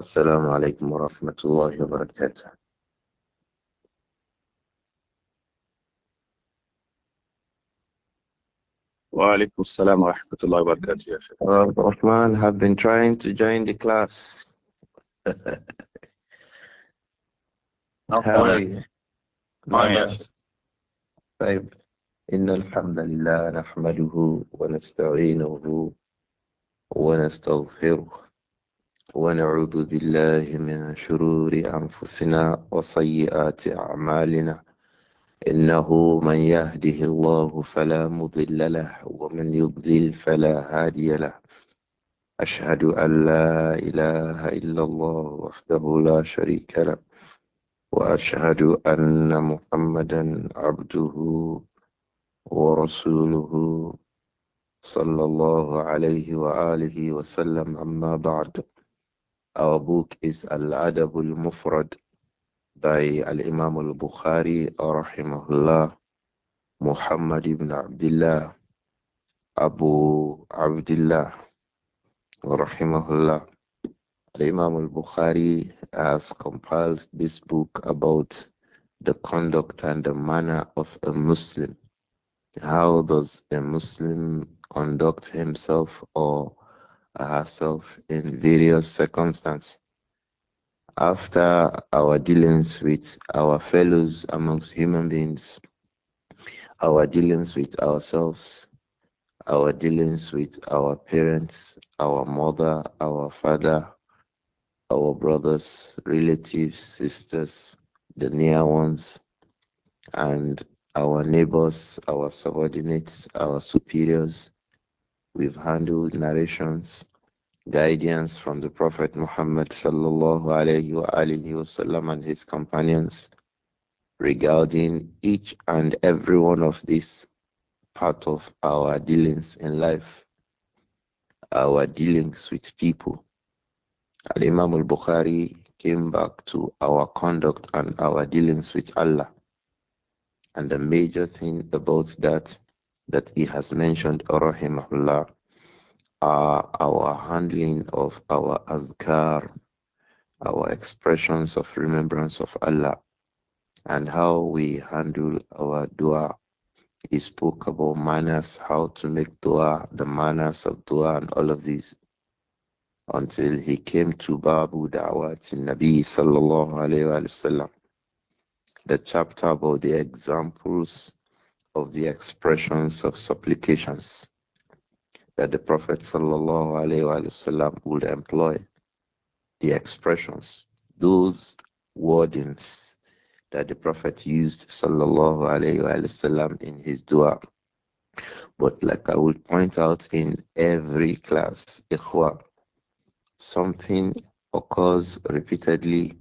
السلام عليكم ورحمة الله وبركاته وعليكم السلام ورحمة الله وبركاته يا شيخ الرحمن have been trying to join the class How are you? طيب إن الحمد لله نحمده ونستعينه ونستغفره ونعوذ بالله من شرور أنفسنا وسيئات أعمالنا إنه من يهده الله فلا مضل له ومن يضلل فلا هادي له أشهد أن لا إله إلا الله وحده لا شريك له وأشهد أن محمدا عبده ورسوله صلى الله عليه وآله وسلم أما بعد Our book is Al-Adabul Mufrad by Al-Imam Al-Bukhari rahimahullah Muhammad ibn Abdullah Abu Abdullah rahimahullah Al-Imam Al-Bukhari has compiled this book about the conduct and the manner of a Muslim. How does a Muslim conduct himself or herself in various circumstances. After our dealings with our fellows amongst human beings, our dealings with ourselves, our dealings with our parents, our mother, our father, our brothers, relatives, sisters, the near ones, and our neighbors, our subordinates, our superiors. We've handled narrations, guidance from the Prophet Muhammad sallallahu alayhi wa alihi wasallam and his companions regarding each and every one of these part of our dealings in life, our dealings with people. Al Imam al Bukhari came back to our conduct and our dealings with Allah. And the major thing about that that he has mentioned, rahimahullah, uh, our handling of our azkar, our expressions of remembrance of Allah, and how we handle our dua. He spoke about manners, how to make dua, the manners of dua, and all of these. Until he came to Babu Da'wat Nabi sallallahu alayhi wa sallam, the chapter about the examples of the expressions of supplications that the Prophet وسلم, would employ the expressions, those wordings that the Prophet used وسلم, in his dua. But like I will point out in every class, something occurs repeatedly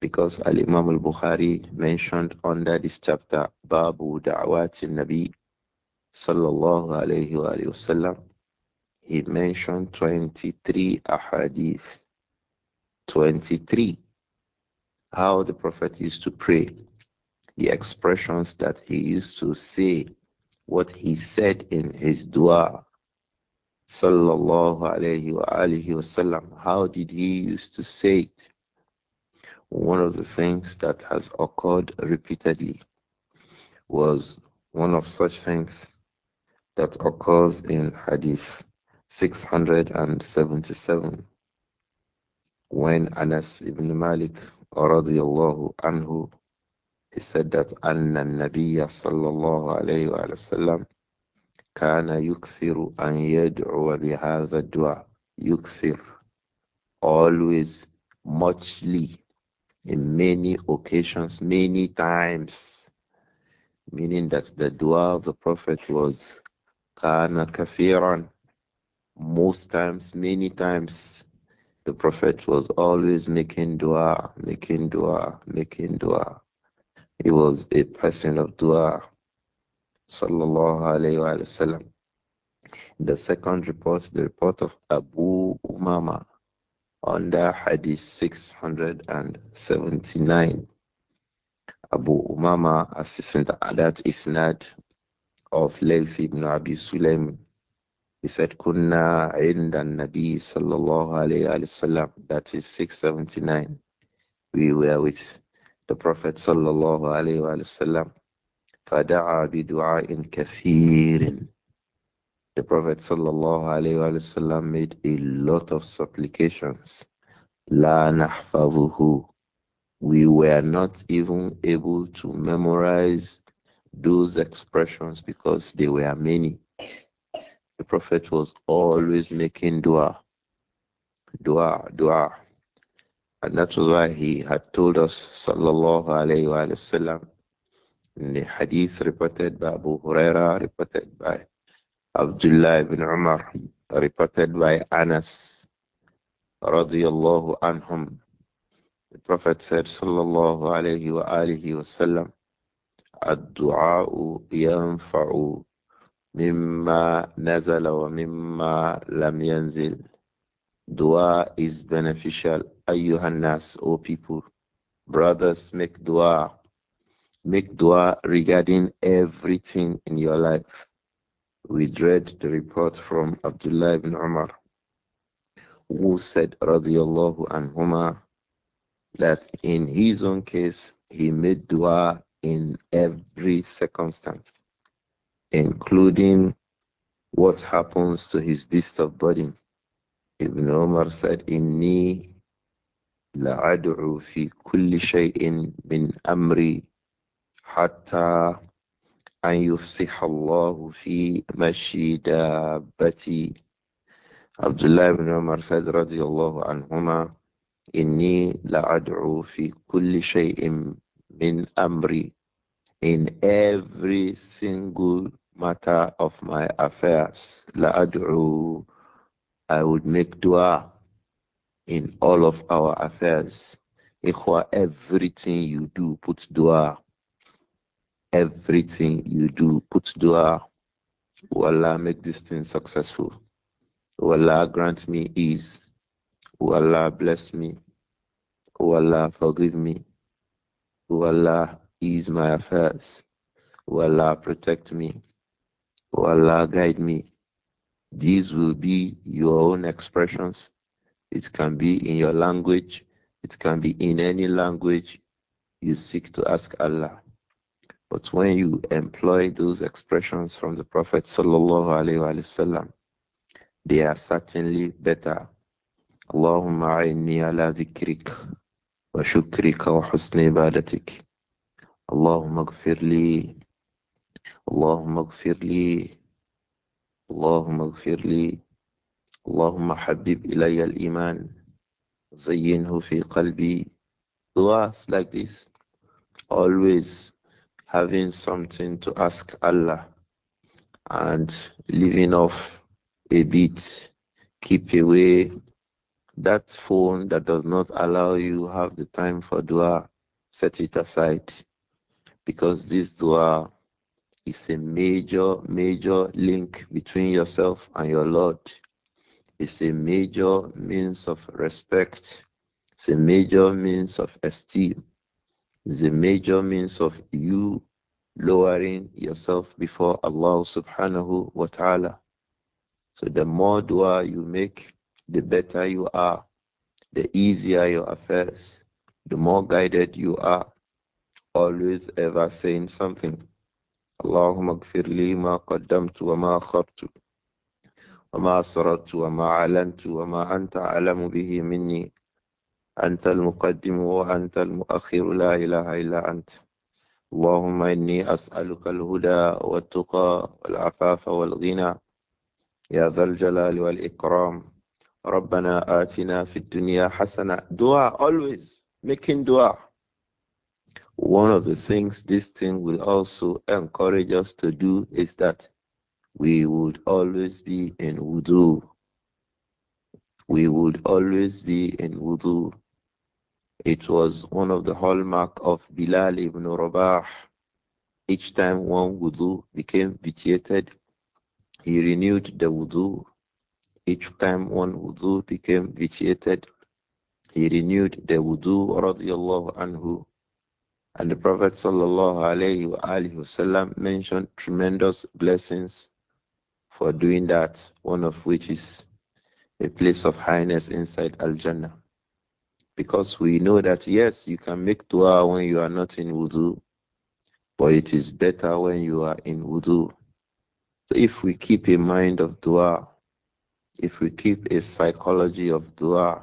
because Al Imam al Bukhari mentioned under this chapter Babu Da'wat Nabi sallallahu alayhi wa, alayhi sallam, he mentioned 23 ahadith. 23. How the Prophet used to pray, the expressions that he used to say, what he said in his dua. Sallallahu alayhi wa alayhi wa sallam. How did he used to say it? One of the things that has occurred repeatedly was one of such things that occurs in Hadith 677 when Anas ibn Malik radiyallahu anhu he said that anna nabiyya sallallahu alayhi wa sallam kana yukthiru an yad'u bi hadha dua yukthir always muchly in many occasions many times meaning that the dua of the prophet was Kana kathiran. Most times, many times, the Prophet was always making dua, making dua, making dua. He was a person of dua. Sallallahu alayhi wa sallam. The second report, the report of Abu Umama under Hadith 679. Abu Umama, assistant that is isnad of Lays ibn Abi Sulaim. He said, Kunna inda Nabi sallallahu alayhi wasallam. That is 679. We were with the Prophet sallallahu alayhi wasallam. فدعا بدعاء kathirin. The Prophet sallallahu alayhi wasallam made a lot of supplications. La نحفظه. We were not even able to memorize those expressions because they were many. The Prophet was always making dua, dua, dua. And that was why he had told us, sallallahu alayhi wa sallam, in the hadith reported by Abu Huraira, reported by Abdullah ibn Umar, reported by Anas, radiyallahu anhum. The Prophet said, sallallahu alayhi wa wa sallam, الدعاء ينفع مما نزل ومما لم ينزل Dua is beneficial. Ayyuhannas, O people. Brothers, make dua. Make dua regarding everything in your life. We read the report from Abdullah ibn Umar, who said, radiallahu anhuma, that in his own case, he made dua in every circumstance, including what happens to his beast of burden. Ibn Umar said, Inni la'adu'u fi kulli shay'in min amri hatta an yufsihallahu fi mashidabati. Abdullah ibn Umar said, radiyallahu anhuma, Inni la'adu'u fi kulli shay'in min amri in every single matter of my affairs. La I would make dua in all of our affairs. Ikhwa, everything you do, put dua. Everything you do, put dua. O Allah, make this thing successful. O Allah, grant me ease. O Allah, bless me. O Allah, forgive me. O Allah is my affairs. O Allah, protect me. O Allah, guide me. These will be your own expressions. It can be in your language. It can be in any language you seek to ask Allah. But when you employ those expressions from the Prophet وسلم, they are certainly better. اللهم أعني wa shukrika wa husni عبادتك اللهم اغفر لي اللهم اغفر لي اللهم اغفر لي اللهم حبب إلي الإيمان زينه في قلبي du'as like this always having something to ask Allah and leaving off a bit keep away that phone that does not allow you have the time for dua set it aside because this dua is a major, major link between yourself and your Lord. It's a major means of respect. It's a major means of esteem. It's a major means of you lowering yourself before Allah subhanahu wa ta'ala. So the more dua you make, the better you are, the easier your affairs, the more guided you are, always ever saying something. Allahumma gfir اللهم إني أسألك الهدى والتقى والعفاف والغنى يا ذا الجلال والإكرام ربنا آتنا في الدنيا حسنة دعاء always making one of the things this thing will also encourage us to do is that we would always be in wudu. We would always be in wudu. It was one of the hallmark of Bilal ibn Rabah. Each time one wudu became vitiated, he renewed the wudu. Each time one wudu became vitiated, he renewed the wudu radiallahu anhu. And the Prophet وسلم, mentioned tremendous blessings for doing that, one of which is a place of highness inside Al Jannah. Because we know that, yes, you can make dua when you are not in wudu, but it is better when you are in wudu. So if we keep a mind of dua, if we keep a psychology of dua,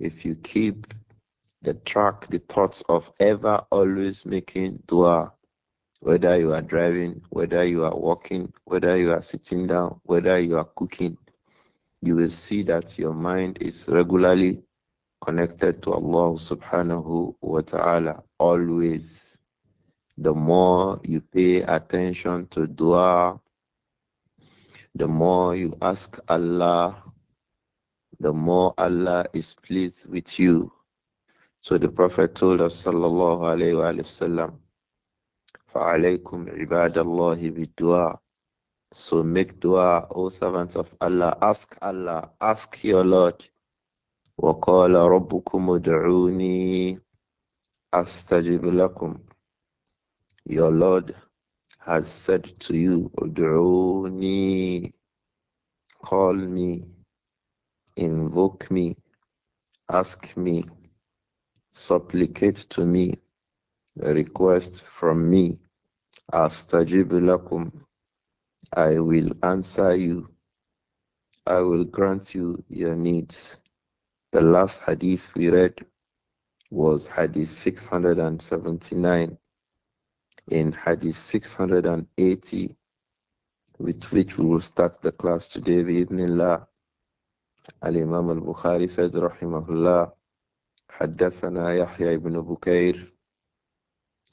if you keep the track, the thoughts of ever always making dua, whether you are driving, whether you are walking, whether you are sitting down, whether you are cooking, you will see that your mind is regularly connected to Allah subhanahu wa ta'ala always. The more you pay attention to dua, the more you ask Allah, the more Allah is pleased with you so the Prophet told us, sallallahu alayhi wa sallam, فَعَلَيْكُمْ عِبَادَ اللَّهِ بِالدُّعَى So make dua, O servants of Allah. Ask Allah, ask your Lord. وَقَالَ رَبُّكُمْ ادْعُونِي أَسْتَجِبْ لَكُمْ Your Lord has said to you, Udu'uni, call me, invoke me, ask me, supplicate to me, request from me. Astajibu I will answer you. I will grant you your needs. The last hadith we read was hadith 679. In hadith 680, with which we will start the class today, bi'idhnillah, Al-Imam al-Bukhari said, rahimahullah, حدثنا يحيى بن بكير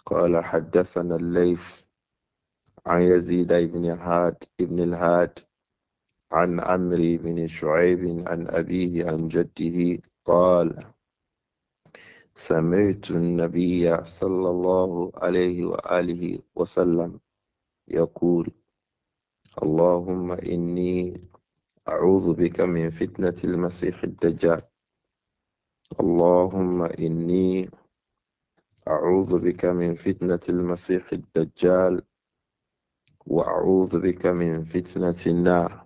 قال حدثنا الليث عن يزيد بن هاد بن الهاد عن عمري بن شعيب عن أبيه عن جده قال سمعت النبي صلى الله عليه وآله وسلم يقول اللهم إني أعوذ بك من فتنة المسيح الدجال اللهم إني أعوذ بك من فتنة المسيح الدجال وأعوذ بك من فتنة النار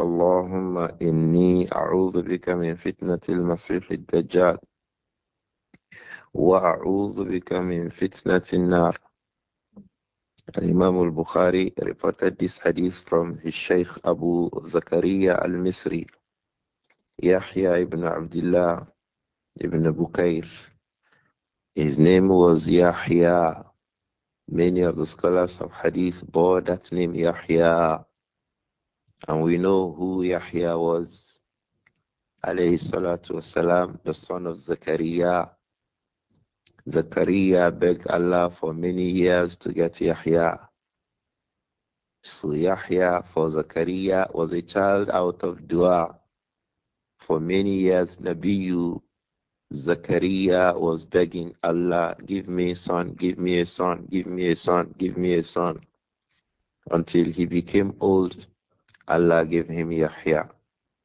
اللهم إني أعوذ بك من فتنة المسيح الدجال وأعوذ بك من فتنة النار الإمام البخاري reported this hadith from his Shaykh Abu Zakaria al-Misri Yahya ibn Abdullah ibn Bukair. His name was Yahya. Many of the scholars of Hadith bore that name Yahya. And we know who Yahya was. Alayhi salatu wasalam, the son of Zakaria. Zakaria begged Allah for many years to get Yahya. So Yahya for Zakaria was a child out of dua. For many years, Nabiyu Zakaria was begging Allah, give me a son, give me a son, give me a son, give me a son. Until he became old, Allah gave him Yahya.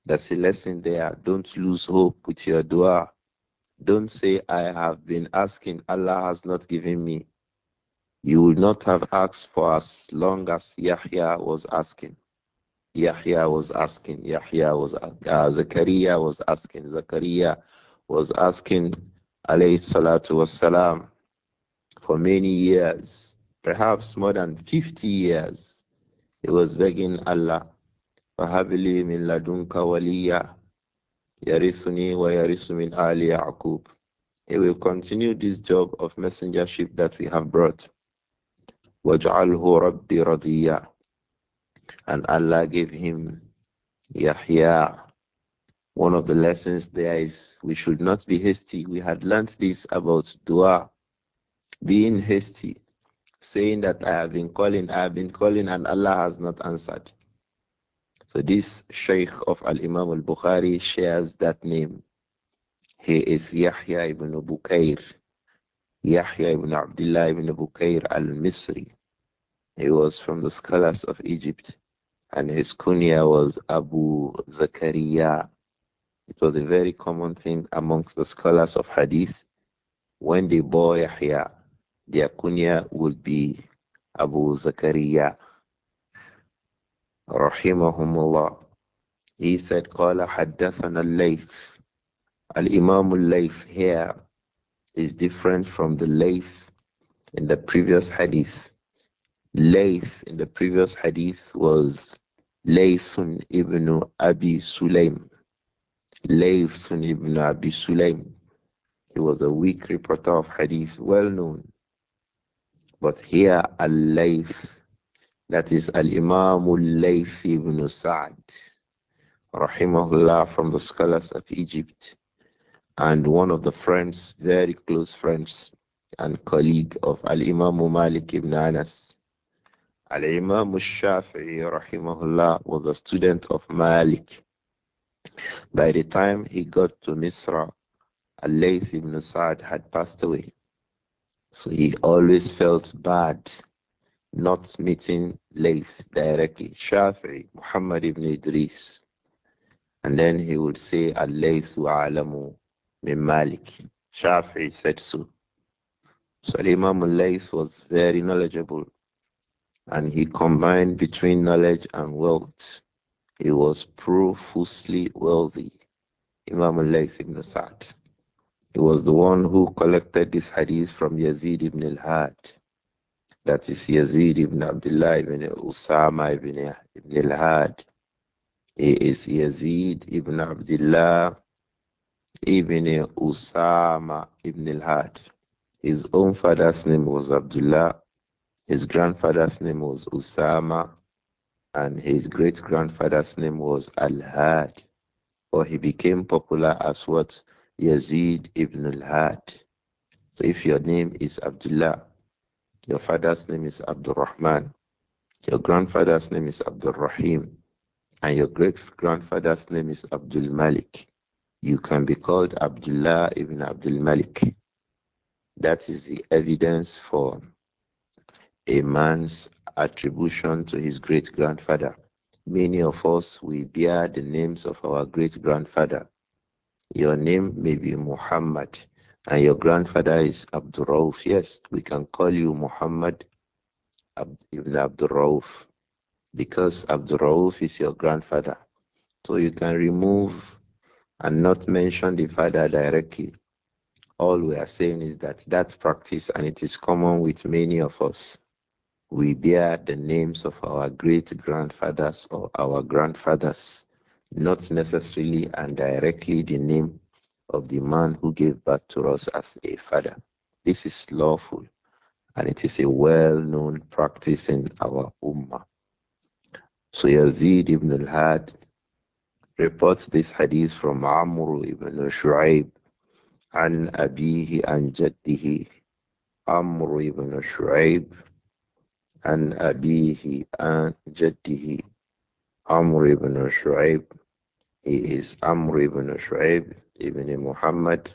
That's a lesson there. Don't lose hope with your dua. Don't say, I have been asking, Allah has not given me. You would not have asked for as long as Yahya was asking. Yahya was asking, Yahya was, uh, Zakaria was asking, Zakaria was asking, alayhi salatu wasalam, for many years, perhaps more than 50 years, he was begging Allah, فَهَبْلِي مِنْ لَدُنْكَ وَلِيًّا يَرِثُنِي وَيَرِثُ مِنْ آلِ يَعْقُوبَ He will continue this job of messengership that we have brought. وَاجْعَلْهُ رَبِّي رَضِيًّا and Allah gave him Yahya. One of the lessons there is we should not be hasty. We had learnt this about dua, being hasty, saying that I have been calling, I have been calling, and Allah has not answered. So this Shaykh of Al Imam Al Bukhari shares that name. He is Yahya ibn Bukair, Yahya ibn Abdullah ibn Bukair Al Misri. He was from the scholars of Egypt, and his kunya was Abu Zakaria. It was a very common thing amongst the scholars of Hadith. When they bore Yahya, their kunya would be Abu Zakaria. Rahimahumullah. He said, Qala haddathana al-layth. Al-imam al-layth here is different from the layth in the previous hadith. Lays in the previous hadith was Laysun ibn Abi Sulaim. Laysun ibn Abi Sulaim. He was a weak reporter of hadith, well known. But here, Al Layth, that is Al Imam Al Layth ibn Sa'd, rahimahullah, from the scholars of Egypt, and one of the friends, very close friends and colleague of Al Imam Malik ibn Anas Al Imam Shafi'i rahimahullah was a student of Malik. By the time he got to Misra, Al-Layth ibn Sa'd had passed away. So he always felt bad not meeting Layth directly. Shafi'i, Muhammad ibn Idris. And then he would say, Al-Layth wa'alamu min Malik. Shafi'i said so. So Imam Al-Layth was very knowledgeable and he combined between knowledge and wealth. He was profusely wealthy. Imam al ibn Sa'd. He was the one who collected this hadith from Yazid ibn al-Had. That is Yazid ibn Abdullah ibn Usama ibn, ibn al-Had. He is Yazid ibn Abdullah ibn Usama ibn al-Had. His own father's name was Abdullah his grandfather's name was Usama, and his great grandfather's name was Al Had, or he became popular as what Yazid ibn Al Had. So if your name is Abdullah, your father's name is Abdul Rahman, your grandfather's name is Abdul Rahim, and your great grandfather's name is Abdul Malik, you can be called Abdullah ibn Abdul Malik. That is the evidence for a man's attribution to his great grandfather. Many of us, we bear the names of our great grandfather. Your name may be Muhammad, and your grandfather is Abdul Rauf. Yes, we can call you Muhammad Ibn Abdul Rauf because Abdul Rauf is your grandfather. So you can remove and not mention the father directly. All we are saying is that that practice and it is common with many of us we bear the names of our great grandfathers or our grandfathers, not necessarily and directly the name of the man who gave birth to us as a father. This is lawful and it is a well known practice in our Ummah. So Yazid ibn al Had reports this hadith from Amr ibn Shu'aib an abihi an jaddihi Amr ibn Shu'aib عن أبيه عن جده عمرو ibn شعيب he is Amr ibn Shu'aib ibn Muhammad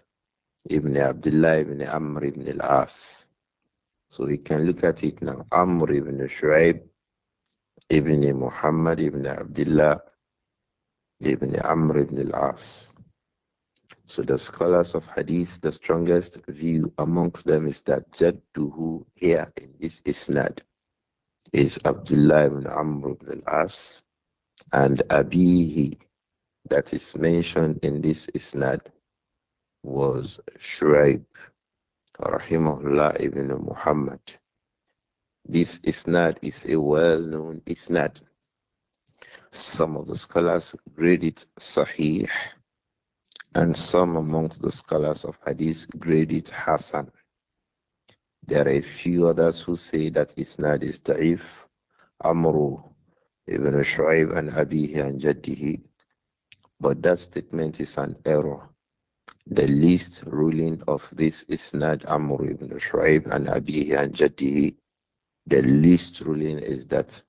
ibn Abdullah ibn Amr ibn al-As so we can look at it now Amr ibn Shu'aib ibn Muhammad ibn Abdullah ibn Amr ibn al-As so the scholars of hadith, the strongest view amongst them is that Jadduhu here in this isnad is Abdullah ibn Amr ibn al-As and Abihi that is mentioned in this isnad was Shuraib rahimahullah ibn Muhammad. This isnad is a well-known isnad. Some of the scholars grade it sahih and some amongst the scholars of hadith grade it hasan. There are a few others who say that Isnad is Da'if, Amru, Ibn al-Shayb and Abihi and Jaddihi. But that statement is an error. The least ruling of this Isnad Amru Ibn al-Shayb and Abihi and Jaddihi, the least ruling is that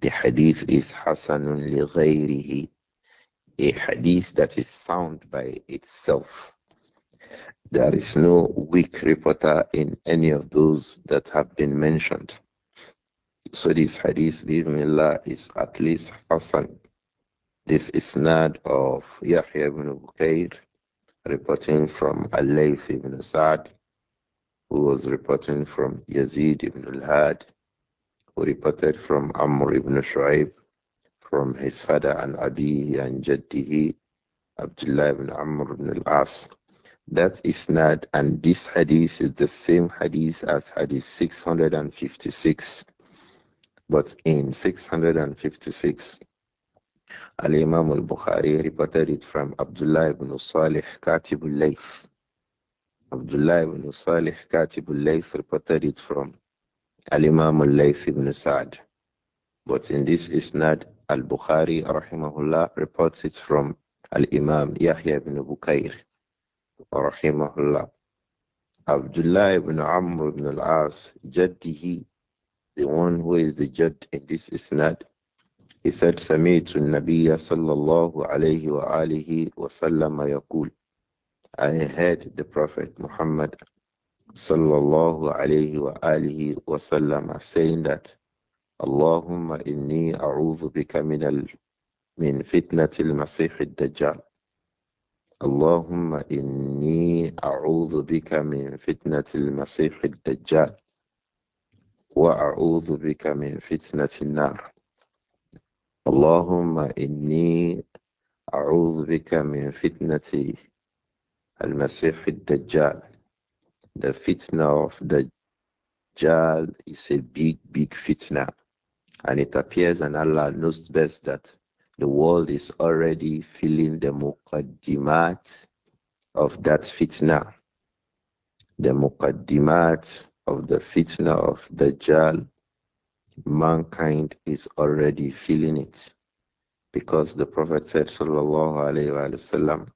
the hadith is Hasanun li ghayrihi, a hadith that is sound by itself there is no weak reporter in any of those that have been mentioned. So this hadith, bismillah, is at least Hassan. This is not of Yahya ibn Bukayr reporting from Alayth ibn Sa'd, who was reporting from Yazid ibn al-Had, who reported from Amr ibn Shuayb, from his father and Abi and Jaddihi, Abdullah ibn Amr ibn al-As, that isnad and this hadith is the same hadith as hadith 656. But in 656, Al Imam al Bukhari reported it from Abdullah ibn Salih Katib al Layth. Abdullah ibn Salih Katib al Layth reported it from Al Imam al Layth ibn Sa'd. But in this isnad, Al Bukhari rahimahullah reports it from Al Imam Yahya ibn Bukair rahimahullah. Abdullah ibn Amr ibn al-As, Jaddihi, the one who is the Jadd in this isnad, he said, سمعت النبي صلى الله عليه وآله وسلم يقول I heard the Prophet Muhammad صلى الله عليه وآله وسلم saying that اللهم إني أعوذ بك من ال من فتنة المسيح الدجال اللهم إني أعوذ بك من فتنة المسيح الدجال وأعوذ بك من فتنة النار اللهم إني أعوذ بك من فتنة المسيح الدجال The fitna of the Dajjal is a big, big fitna. And it appears, and Allah knows best that the world is already feeling the mukaddimat of that fitna. The mukaddimat of the fitna of the jail. mankind is already feeling it. Because the Prophet said, Sallallahu Alaihi Wasallam,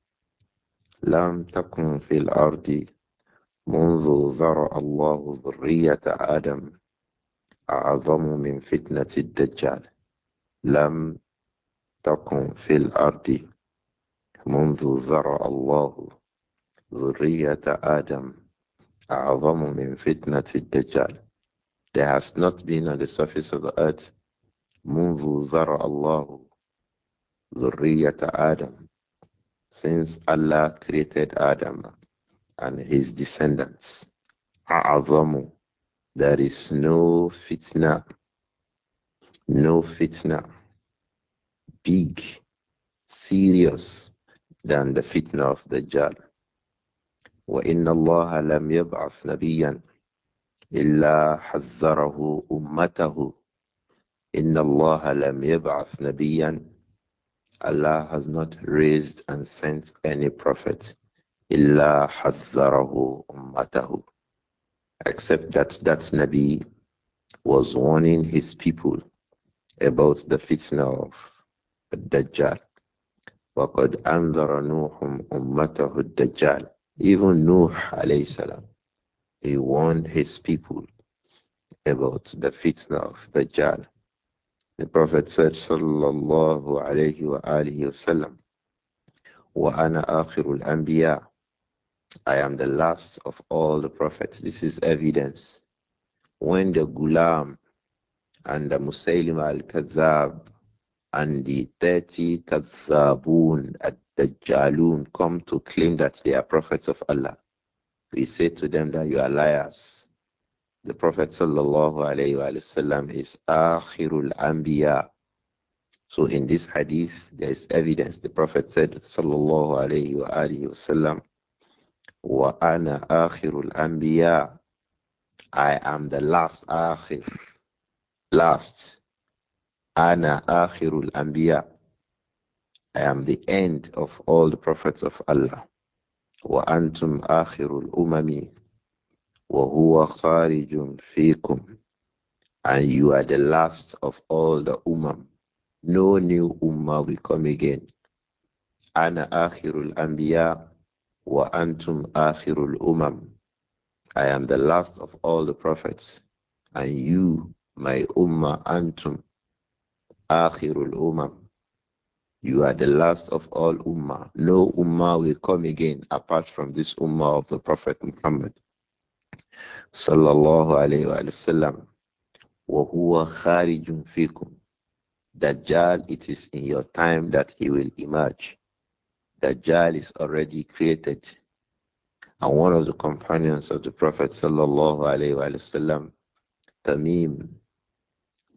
Lam تكن fil ardi منذ ذرأ الله ذرية آدم أعظم من فتنة الدجال لم تكن في الأرض منذ ذرى الله ذرية آدم أعظم من فتنة الدجال There has not been on the surface of the earth منذ ذرى الله ذرية آدم since Allah created Adam and his descendants أعظم there is no fitna no fitna big, serious than the fitna of the Dajjal. وإن الله لم يبعث نبيا إلا حذره أمته إن الله لم يبعث نبيا Allah has not raised and sent any prophet إلا حذره أمته except that that Nabi was warning his people about the fitna of الدجال وقد أنذر نوح أمته الدجال even Nuh عليه salam he warned his people about the fitna of Dajjal the prophet said sallallahu alayhi wa alihi wasallam wa ana akhirul I am the last of all the prophets this is evidence when the gulam and the Musaylim al-Kadhab and the 30 Kadhabun at the jalun come to claim that they are prophets of Allah. We say to them that you are liars. The Prophet sallallahu alayhi wasallam is Akhirul Anbiya. So in this hadith, there is evidence. The Prophet said sallallahu alayhi wa wasallam, Wa ana Akhirul Anbiya. I am the last Akhir. Last Ana akhirul anbiya. I am the end of all the prophets of Allah. Wa antum akhirul umami. Wa huwa kharijun fikum. And you are the last of all the umam. No new ummah will come again. Ana akhirul anbiya. Wa antum akhirul umam. I am the last of all the prophets. And you, my ummah, antum, akhirul umam. You are the last of all ummah. No ummah will come again apart from this ummah of the Prophet Muhammad. Sallallahu alayhi wa sallam. وَهُوَ خَارِجٌ فِيكُمْ Dajjal, it is in your time that he will emerge. Dajjal is already created. And one of the companions of the Prophet sallallahu alayhi wa sallam, Tamim,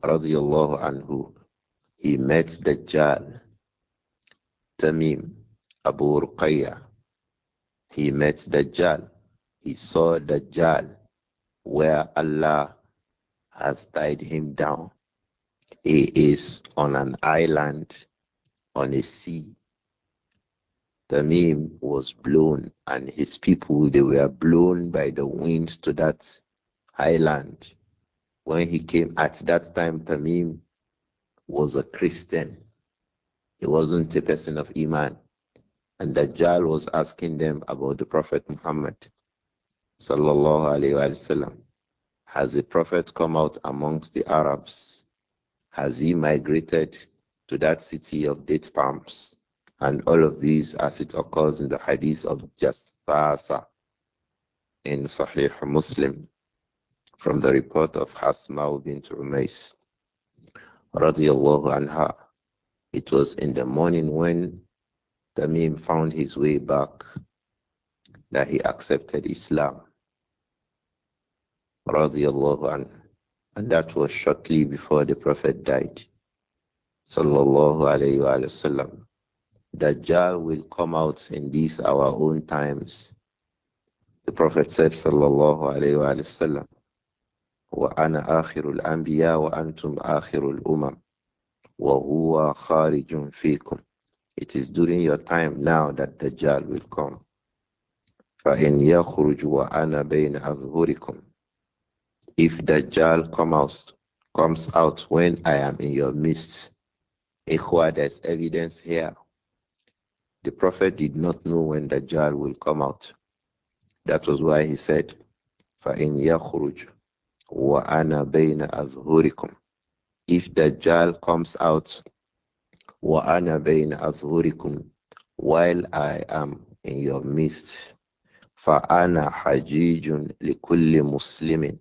radiallahu anhu, he met Dajjal, Tamim, Abu Ruqayya. He met Dajjal. He saw Dajjal where Allah has tied him down. He is on an island on a sea. Tamim was blown, and his people they were blown by the winds to that island. When he came at that time, Tamim was a Christian. He wasn't a person of Iman. And Dajjal was asking them about the Prophet Muhammad. Sallallahu Alaihi Wasallam. Has the Prophet come out amongst the Arabs? Has he migrated to that city of date palms? And all of these as it occurs in the hadith of Jassasa in Sahih Muslim from the report of Hasma bin Umais radiallahu anha. It was in the morning when Tamim found his way back that he accepted Islam. Radiallahu And that was shortly before the Prophet died. Sallallahu alayhi wa sallam. Dajjal will come out in these our own times. The Prophet said, Sallallahu alayhi wa sallam, وأنا آخر الأنبياء وأنتم آخر الأمم وهو خارج فيكم It is during your time now that Dajjal will come. فإن يخرج وأنا بين أظهركم If Dajjal come out, comes out when I am in your midst, Ikhwa, there's evidence here. The Prophet did not know when Dajjal will come out. That was why he said, فَإِنْ يَخْرُجُ wa ana bayna azhurikum. If Dajjal comes out, wa ana bayna azhurikum, while I am in your midst, fa ana hajijun likulli muslimin.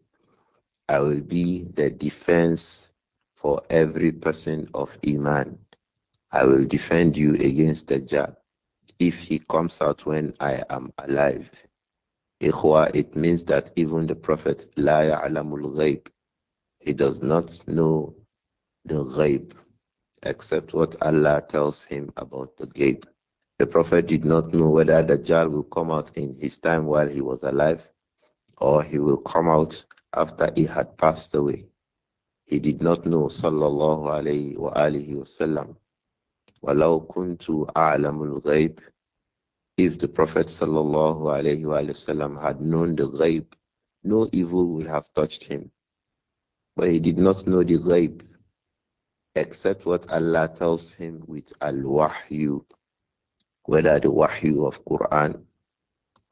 I will be the defense for every person of Iman. I will defend you against Dajjal if he comes out when I am alive. Ikhwa, it means that even the Prophet, La ya'lamul ghaib, he does not know the ghaib except what Allah tells him about the ghaib. The Prophet did not know whether Dajjal will come out in his time while he was alive or he will come out after he had passed away. He did not know, sallallahu Alaihi Wasallam. alihi wa a'lamul وَلَوْ كُنْتُ أَعْلَمُ الْغَيْبِ if the Prophet وسلم, had known the ghaib, no evil would have touched him. But he did not know the ghaib, except what Allah tells him with al-wahyu, whether the wahyu of Quran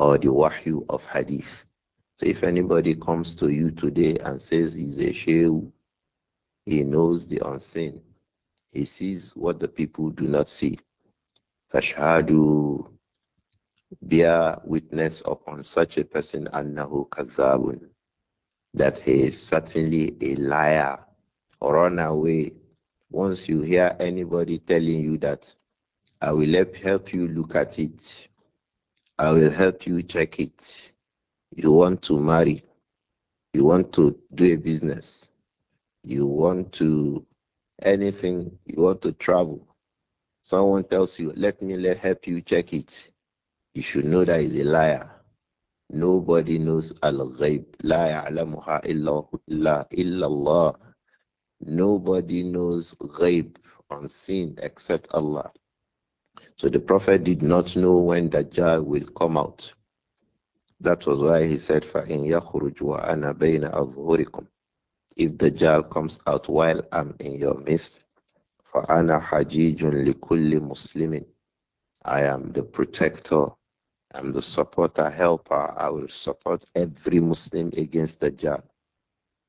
or the wahyu of hadith. So if anybody comes to you today and says he's a shaykh, he knows the unseen. He sees what the people do not see. Fashhadu bear witness upon such a person annahu kazabun that he is certainly a liar or run away. Once you hear anybody telling you that, I will help you look at it. I will help you check it. You want to marry. You want to do a business. You want to anything. You want to travel. Someone tells you, let me help you check it you should know that he's a liar. Nobody knows al ghayb, La ya'lamuha illallah. Nobody knows ghayb, unseen, except Allah. So the Prophet did not know when Dajjal will come out. That was why he said, فَإِنْ يَخْرُجْ وَأَنَا بَيْنَ أَظْهُرِكُمْ If Dajjal comes out while I'm in your midst, فَأَنَا حَجِيجٌ لِكُلِّ مُسْلِمٍ I am the protector I'm the supporter, helper. I will support every Muslim against the Jah.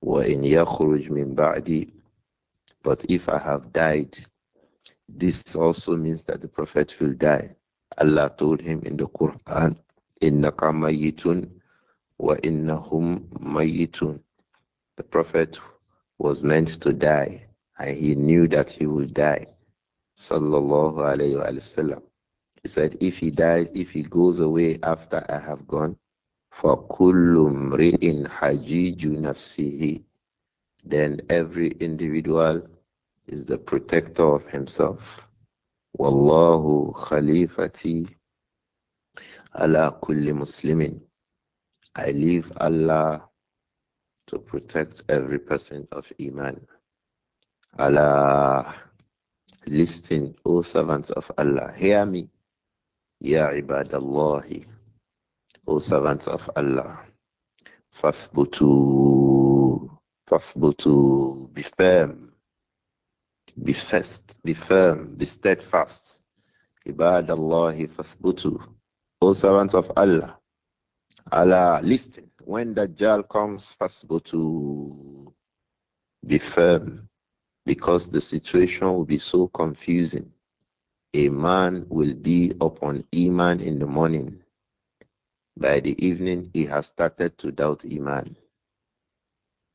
But if I have died, this also means that the Prophet will die. Allah told him in the Quran, إِنَّكَ مَيِّتٌ وَإِنَّهُمْ مَيِّتٌ The Prophet was meant to die, and he knew that he would die. Sallallahu alayhi wa sallam. He said, If he dies, if he goes away after I have gone, for kullum ri'in hajiju nafsihi, then every individual is the protector of himself. Wallahu khalifati ala kulli muslimin. I leave Allah to protect every person of Iman. Allah, listen, O servants of Allah, hear me. Ya ibadallahi, O servants of Allah, fasbutu, fasbutu, be firm, be fast, be firm, be steadfast. Ibadallahi fasbutu, O servants of Allah, Allah, listen, when Dajjal comes, fasbutu, be firm, because the situation will be so confusing a man will be upon Iman in the morning. By the evening, he has started to doubt Iman.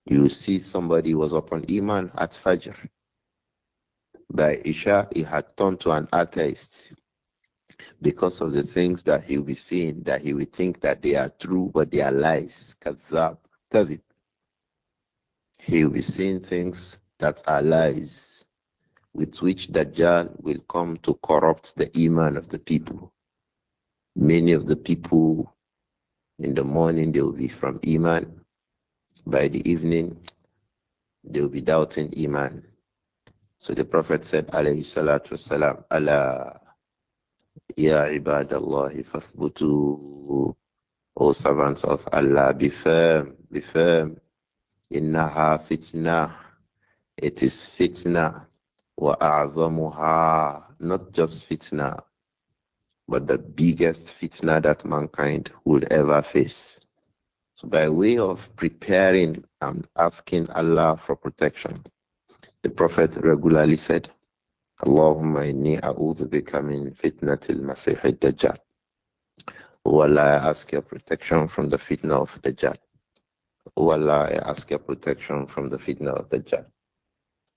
You see, somebody was upon Iman at Fajr. By Isha, he had turned to an atheist because of the things that he will be seeing, that he will think that they are true, but they are lies. Kazab, He will be seeing things that are lies with which Dajjal will come to corrupt the Iman of the people. Many of the people in the morning they will be from Iman. By the evening, they will be doubting Iman. So the Prophet said, alayhi salatu wasalam, Allah, Ya ibadallah, fathbutu, O servants of Allah, be firm, be firm. Innaha fitna, it is fitna. وَأَعْظَمُهَا Not just fitna, but the biggest fitna that mankind would ever face. So by way of preparing and asking Allah for protection, the Prophet regularly said, Allahumma inni a'udhu bika min fitnatil masih dajjal Oh Allah, I ask your protection from the fitna of Dajjal. Oh Allah, I ask your protection from the fitna of Dajjal.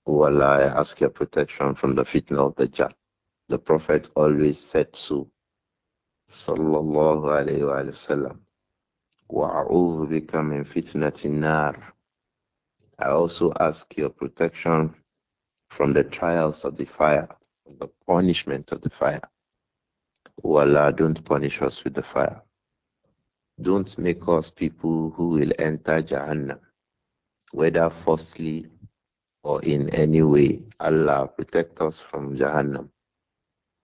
O Allah, I ask your protection from the fitna of the Jah. The Prophet always said so. Sallallahu alayhi wa sallam. وَأَعُوذُ بِكَ مِنْ فِتْنَةِ النَّارِ I also ask your protection from the trials of the fire, the punishment of the fire. O Allah, don't punish us with the fire. Don't make us people who will enter Jahannam, whether falsely or in any way. Allah protect us from Jahannam.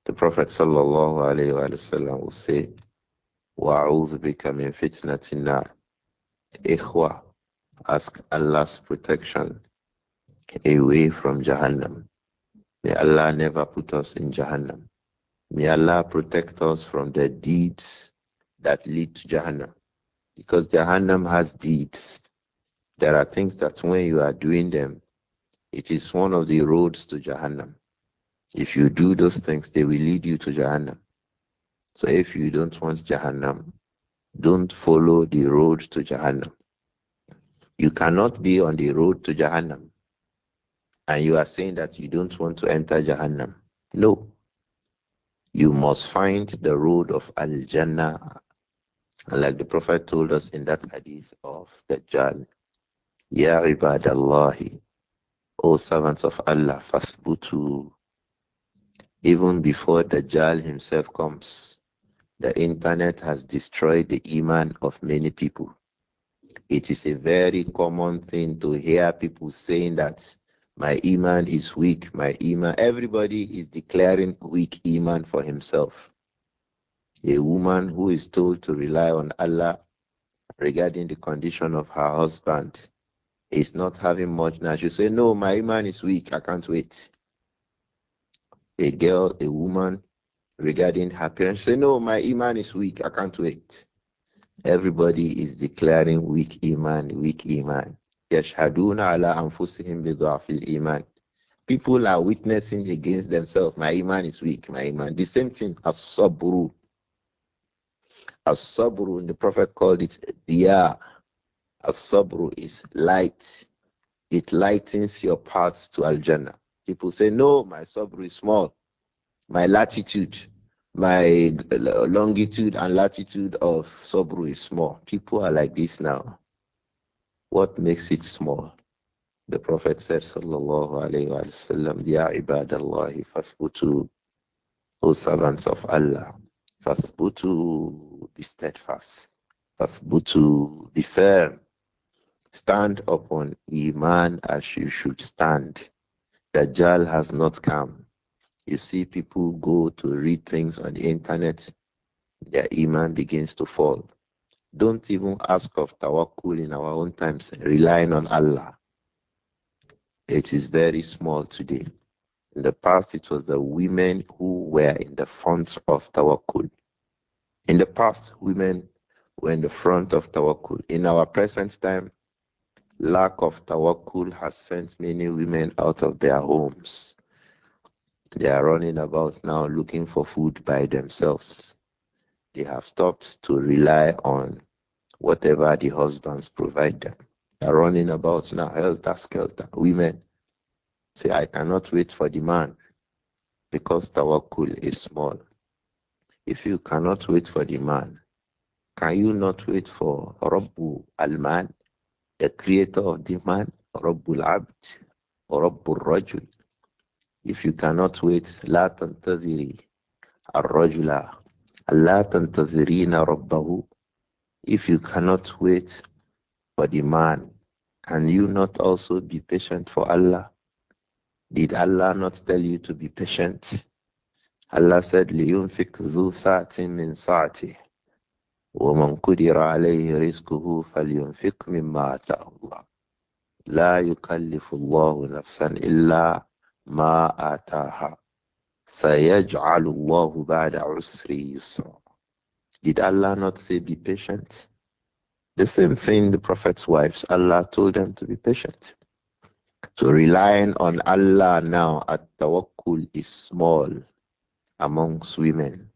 The Prophet sallallahu wa wasallam will say, وَأَعُوذُ بِكَ مِنْ فِتْنَةِ النَّارِ ask Allah's protection away from Jahannam. May Allah never put us in Jahannam. May Allah protect us from the deeds that lead to Jahannam. Because Jahannam has deeds. There are things that when you are doing them, it is one of the roads to Jahannam. If you do those things, they will lead you to Jahannam. So if you don't want Jahannam, don't follow the road to Jahannam. You cannot be on the road to Jahannam and you are saying that you don't want to enter Jahannam. No. You must find the road of Al Jannah. like the Prophet told us in that hadith of Dajjal, Ya ibadallahi all servants of Allah, Fasbutu, even before Dajjal himself comes, the internet has destroyed the iman of many people. It is a very common thing to hear people saying that my iman is weak, my iman. Everybody is declaring weak iman for himself. A woman who is told to rely on Allah regarding the condition of her husband is not having much now. She say, No, my iman is weak. I can't wait. A girl, a woman, regarding her parents, say, No, my iman is weak. I can't wait. Everybody is declaring weak iman, weak iman. Yashhaduna ala anfusihim bidhafil iman. People are witnessing against themselves. My iman is weak. My iman. The same thing as sabru. As sabru, the Prophet called it diya. As-sabru is light. It lightens your path to Al-Jannah. People say, no, my sabru is small. My latitude, my longitude and latitude of sabru is small. People are like this now. What makes it small? The Prophet said, Sallallahu Alayhi Wasallam, Ya ibadallahi fasbutu, O servants of Allah, fasbutu, be steadfast, fasbutu, be firm, Stand upon Iman as you should stand. Dajjal has not come. You see, people go to read things on the internet, their Iman begins to fall. Don't even ask of Tawakkul in our own times, relying on Allah. It is very small today. In the past, it was the women who were in the front of Tawakkul. In the past, women were in the front of Tawakkul. In our present time, lack of tawakul has sent many women out of their homes. They are running about now looking for food by themselves. They have stopped to rely on whatever the husbands provide them. They are running about now helter skelter. Women say, I cannot wait for the man because tawakul is small. If you cannot wait for the man, can you not wait for Rabbu Alman? the creator of the man, Rabbul Abd, Rabbul Rajul. If you cannot wait, La tantaziri ar-rajula, La tantazirina rabbahu. If you cannot wait for the man, can you not also be patient for Allah? Did Allah not tell you to be patient? Allah said, لِيُنْفِقْ ذُو سَاعٍ مِنْ سَاعَتِهِ ومن قدر عليه رزقه فلينفق مما آتاه الله لا يكلف الله نفسا إلا ما آتاها سيجعل الله بعد عسر يسرا Did Allah not say be patient? The same thing the Prophet's wives, Allah told them to be patient. So relying on Allah now at tawakkul is small amongst women.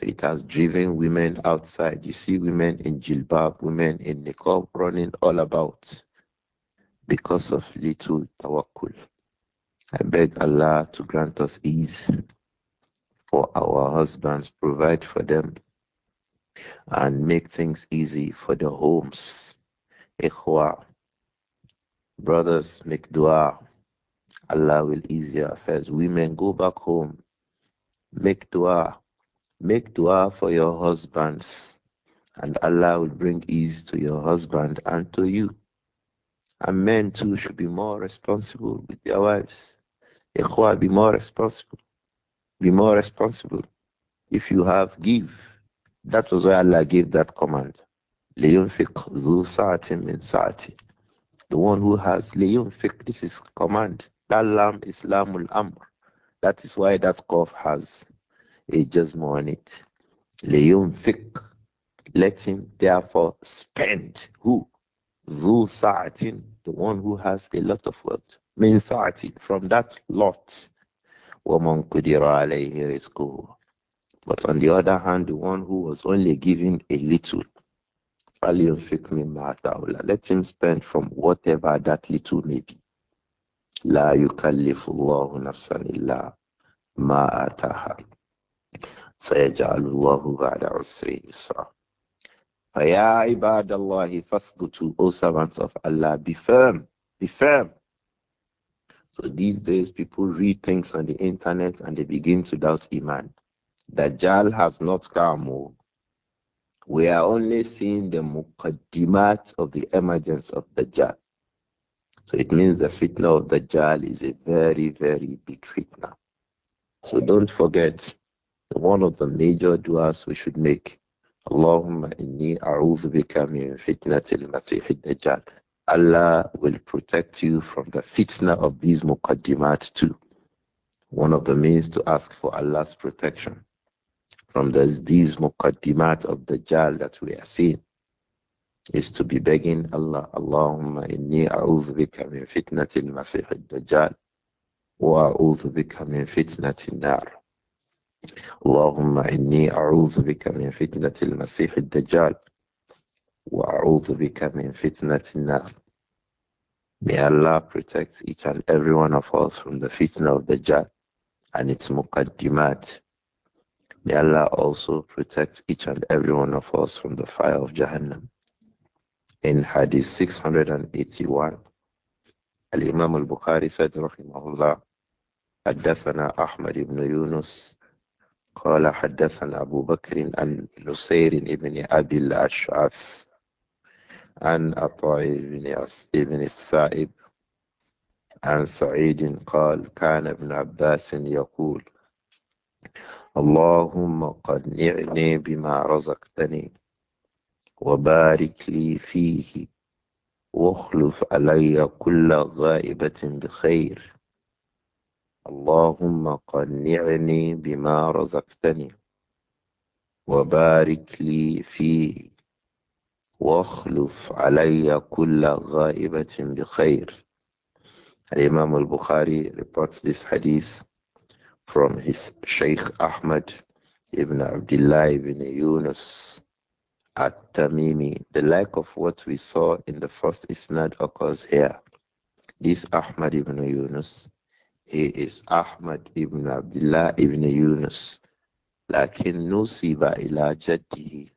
It has driven women outside. You see women in jilbab, women in niqab running all about because of little tawakkul. I beg Allah to grant us ease for our husbands, provide for them, and make things easy for the homes. Ikhwa, brothers, make dua. Allah will ease your affairs. Women, go back home. Make dua. Make dua for your husbands, and Allah will bring ease to your husband and to you. And men too should be more responsible with their wives. Ikhwa, be more responsible. Be more responsible. If you have, give. That was why Allah gave that command. the one who has liyunfik. This is command. That lam is amr. That is why that cough has just on it. let him therefore spend who Who sartin? the one who has a lot of wealth من ساعة from that lot ومن قدر عليه go. but on the other hand the one who was only given a little let him spend from whatever that little may be لا يكلف الله نفسا إلا ما أتاها سيجعل الله بعد عسر يسرا فيا عباد الله فاثبتوا O servants of Allah be firm be firm so these days people read things on the internet and they begin to doubt Iman Dajjal has not come oh. we are only seeing the muqaddimat of the emergence of Dajjal so it means the fitna of Dajjal is a very very big fitna so don't forget one of the major du'as we should make. Allahumma inni a'udhu bika min fitnatil masih dajjal. Allah will protect you from the fitna of these muqaddimat too. One of the means to ask for Allah's protection from of these muqaddimat of Dajjal that we are seeing is to be begging Allah, Allahumma inni a'udhu bika min fitnatil masih dajjal wa a'udhu bika min fitnatil nar. اللهم إني أعوذ بك من فتنة المسيح الدجال وأعوذ بك من فتنة النار May Allah protect each and every one of us from the fitna of the Dajjal and its muqaddimat. May Allah also protect each and every one of us from the fire of Jahannam. In Hadith 681, Al-Imam al-Bukhari said, رحمه الله, حدثنا أحمد بن يونس قال حدثنا أبو بكر عن نصير بن أبي الأشعث عن عطاء بن ابن السائب عن سعيد قال كان ابن عباس يقول اللهم قنعني بما رزقتني وبارك لي فيه واخلف علي كل غائبة بخير اللهم قنعني بما رزقتني وبارك لي فيه واخلف علي كل غائبة بخير الإمام البخاري reports this hadith from his Sheikh Ahmad ibn Abdullah ibn Yunus at Tamimi. The like of what we saw in the first isnad occurs here. This Ahmad ibn Yunus He is Ahmad ibn Abdullah ibn Yunus. Lakin nusiba ila jaddihi.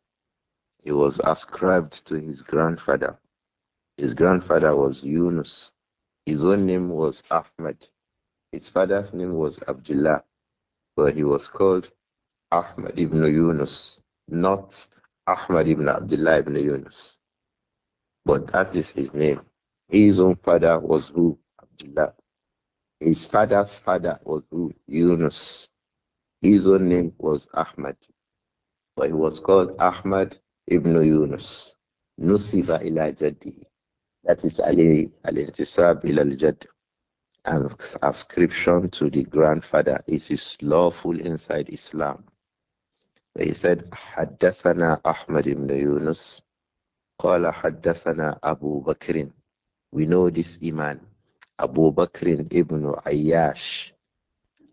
He was ascribed to his grandfather. His grandfather was Yunus. His own name was Ahmad. His father's name was Abdullah, but he was called Ahmad ibn Yunus, not Ahmad ibn Abdullah ibn Yunus. But that is his name. His own father was who? Abdullah. His father's father was who? Yunus. His own name was Ahmad. But he was called Ahmad ibn Yunus. Nusiva ila jaddi. That is Ali al-intisab ila And ascription to the grandfather it is lawful inside Islam. He said, "Hadassana Ahmad ibn Yunus." "Qala hadassana Abu Bakr." We know this Iman. Abu Bakr ibn Ayyash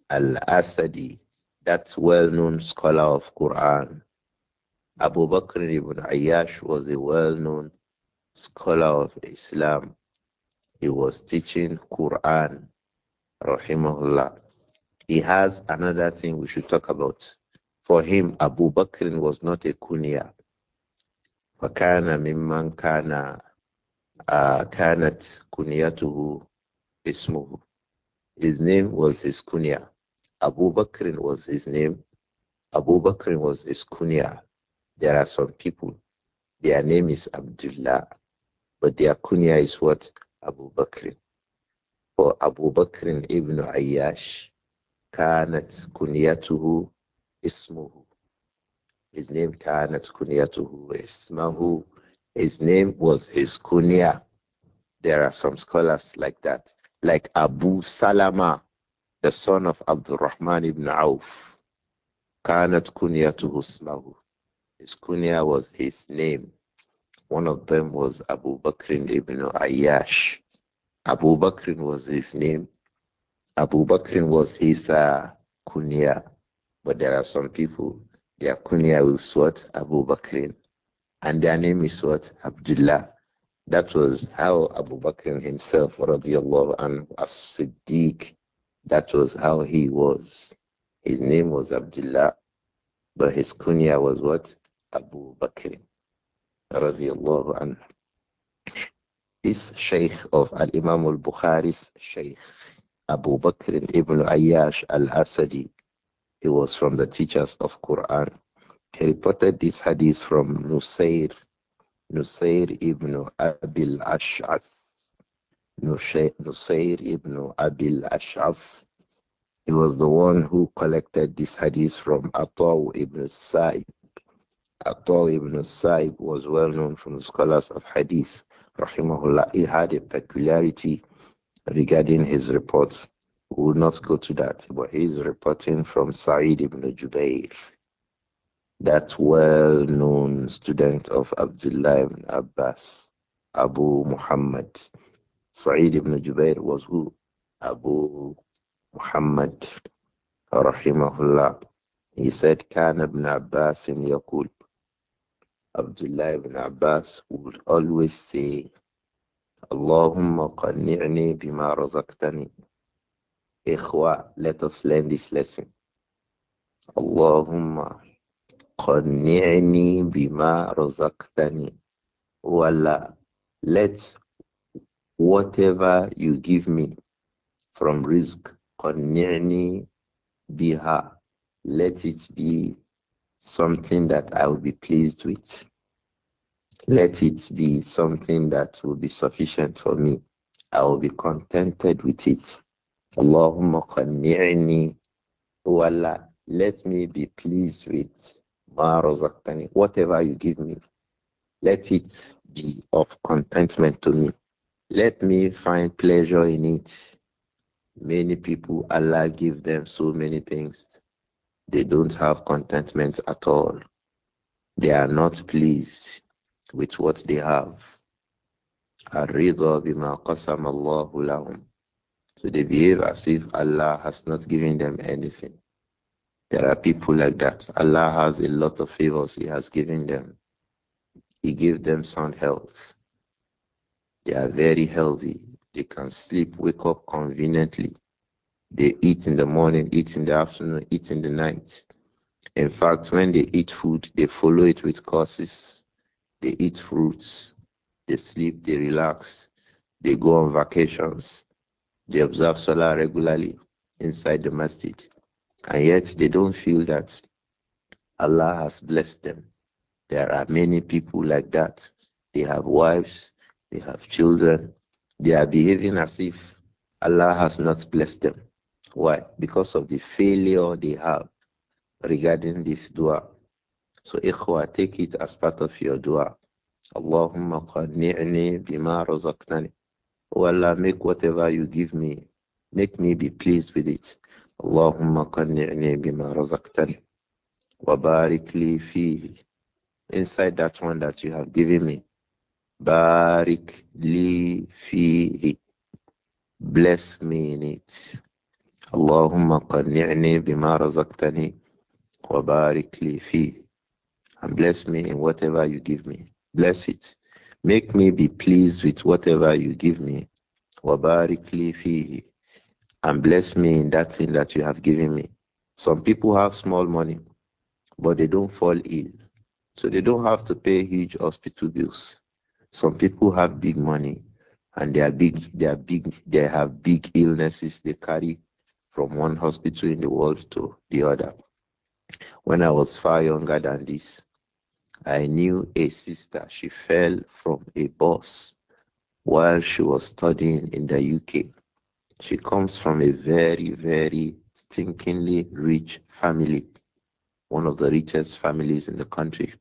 al-Asadi, that well-known scholar of Quran. Abu Bakr ibn Ayyash was a well-known scholar of Islam. He was teaching Quran, rahimahullah. He has another thing we should talk about. For him, Abu Bakr was not a kunya. فكان ممن كان كانت كنيته his name was his kunya. Abu Bakr was his name. Abu Bakr was his kunya. There are some people, their name is Abdullah, but their kunya is what? Abu Bakr. For Abu Bakr ibn Ayyash, كانت kunyatuhu ismuhu. His name كانت kunyatuhu ismahu. His name was his kunya. There are some scholars like that like Abu Salama, the son of Abdul Rahman ibn Auf. كانت كنيته اسمه. His kunya was his name. One of them was Abu Bakr ibn Ayyash. Abu Bakr was his name. Abu Bakr was his uh, kunya. But there are some people, their kunya is what? Abu Bakr. And their name is what? Abdullah. That was how Abu Bakr himself, radiallahu anhu, as Siddiq, that was how he was. His name was Abdullah, but his kunya was what? Abu Bakr, radiallahu anhu. This Shaykh of Al Imam al Bukhari's Shaykh, Abu Bakr ibn Ayyash al Asadi, he was from the teachers of Quran. He reported this hadith from Nusayr Nusair ibn Abil Ash'ath. Nusair ibn Abil Ash'ath. He was the one who collected this hadith from Ataw ibn Sa'ib. Ataw ibn Sa'ib was well known from the scholars of hadith. Rahimahullah, he had a peculiarity regarding his reports. We will not go to that, but he is reporting from Sa'id ibn Jubair that well known student of Abdullah ibn Abbas, Abu Muhammad. Sa'id ibn Jubair was who? Abu Muhammad, rahimahullah. He said, Kan ibn Abbas in Yaqul. Abdullah ibn Abbas would always say, Allahumma qanni'ni bima razaqtani. Ikhwa, let us learn this lesson. Allahumma, Qani'ni bima razaqtani. O let whatever you give me from risk, qani'ni biha. Let it be something that I will be pleased with. Let it be something that will be sufficient for me. I will be contented with it. Allahumma qani'ni. O let me be pleased with Whatever you give me, let it be of contentment to me. Let me find pleasure in it. Many people, Allah give them so many things. They don't have contentment at all. They are not pleased with what they have. So they behave as if Allah has not given them anything. There are people like that. Allah has a lot of favors He has given them. He gave them sound health. They are very healthy. They can sleep, wake up conveniently. They eat in the morning, eat in the afternoon, eat in the night. In fact, when they eat food, they follow it with courses. They eat fruits. They sleep, they relax. They go on vacations. They observe Salah regularly inside the masjid and yet they don't feel that Allah has blessed them. There are many people like that. They have wives, they have children, they are behaving as if Allah has not blessed them. Why? Because of the failure they have regarding this dua. So, ikhwa, take it as part of your dua. Allahumma qanni'ni bima razaqnani. Oh Allah, make whatever you give me, make me be pleased with it. اللهم قنعني بما رزقتني وبارك لي فيه inside that one that you have given me barik li fihi bless me in it اللهم قنعني بما رزقتني وبارك لي فيه and bless me in whatever you give me bless it make me be pleased with whatever you give me وبارك لي فيه and bless me in that thing that you have given me. Some people have small money, but they don't fall ill. So they don't have to pay huge hospital bills. Some people have big money and they are big they are big they have big illnesses they carry from one hospital in the world to the other. When I was far younger than this, I knew a sister. She fell from a bus while she was studying in the UK. She comes from a very, very stinkingly rich family, one of the richest families in the country.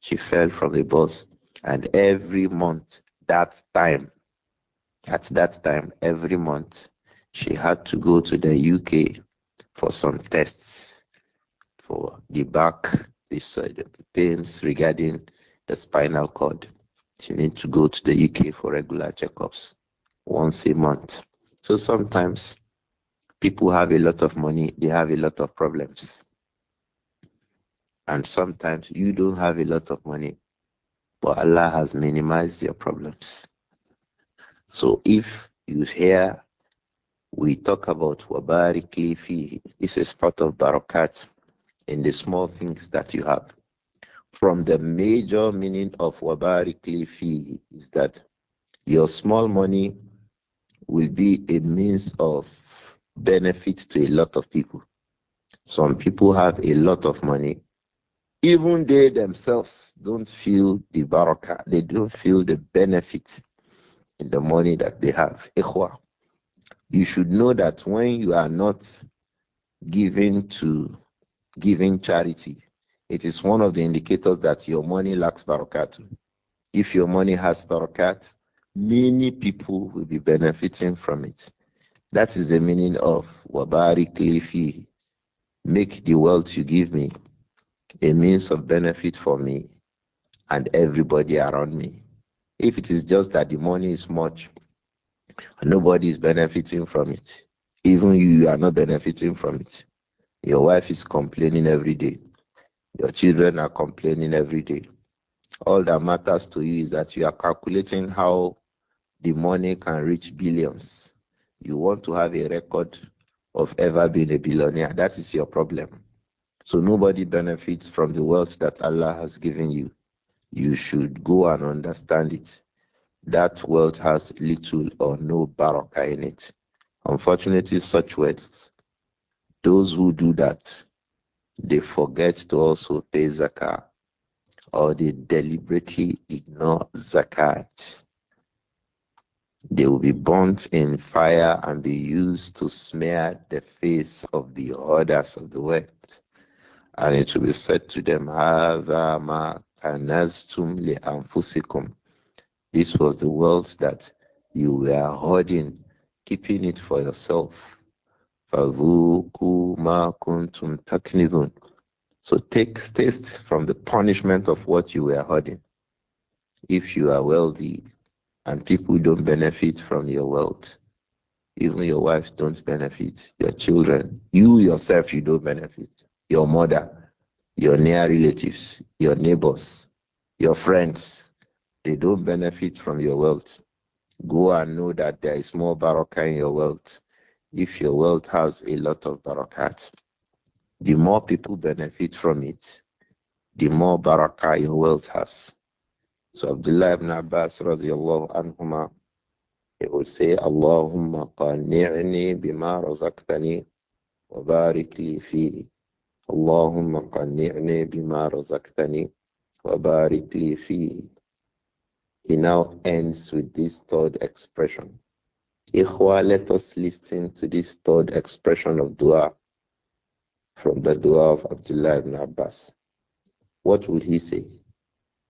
She fell from a bus, and every month that time, at that time, every month, she had to go to the UK for some tests for the back, the pains regarding the spinal cord. She needs to go to the UK for regular checkups once a month. So sometimes people have a lot of money, they have a lot of problems. And sometimes you don't have a lot of money, but Allah has minimized your problems. So if you hear we talk about wabarikli fihi, this is part of barakat in the small things that you have. From the major meaning of wabarikli fihi is that your small money will be a means of benefit to a lot of people. Some people have a lot of money. Even they themselves don't feel the barakah, they don't feel the benefit in the money that they have. Ikhwa, you should know that when you are not giving to giving charity, it is one of the indicators that your money lacks barakat. If your money has barakat, many people will be benefiting from it. That is the meaning of Wabari Klifi. Make the wealth you give me a means of benefit for me and everybody around me. If it is just that the money is much and nobody is benefiting from it, even you are not benefiting from it. Your wife is complaining every day. Your children are complaining every day. All that matters to you is that you are calculating how the money can reach billions. You want to have a record of ever being a billionaire. That is your problem. So nobody benefits from the wealth that Allah has given you. You should go and understand it. That wealth has little or no barakah in it. Unfortunately, such wealth, those who do that, they forget to also pay zakah or they deliberately ignore zakat. They will be burnt in fire and be used to smear the face of the orders of the world. And it will be said to them, This was the wealth that you were hoarding, keeping it for yourself. ma So take taste from the punishment of what you were hoarding. If you are wealthy, and people don't benefit from your wealth. Even your wife don't benefit, your children, you yourself, you don't benefit, your mother, your near relatives, your neighbors, your friends, they don't benefit from your wealth. Go and know that there is more barakah in your wealth. If your wealth has a lot of barakat, the more people benefit from it, the more barakah your wealth has. So Abdullah ibn Abbas radiallahu anhuma, he would say, Allahumma qani'ni bima razaqtani wa barik li fihi. Allahumma qani'ni bima razaqtani wa barik li fihi. He now ends with this third expression. Ikhwa, let us listen to this third expression of dua from the dua of Abdullah ibn Abbas. What will he say?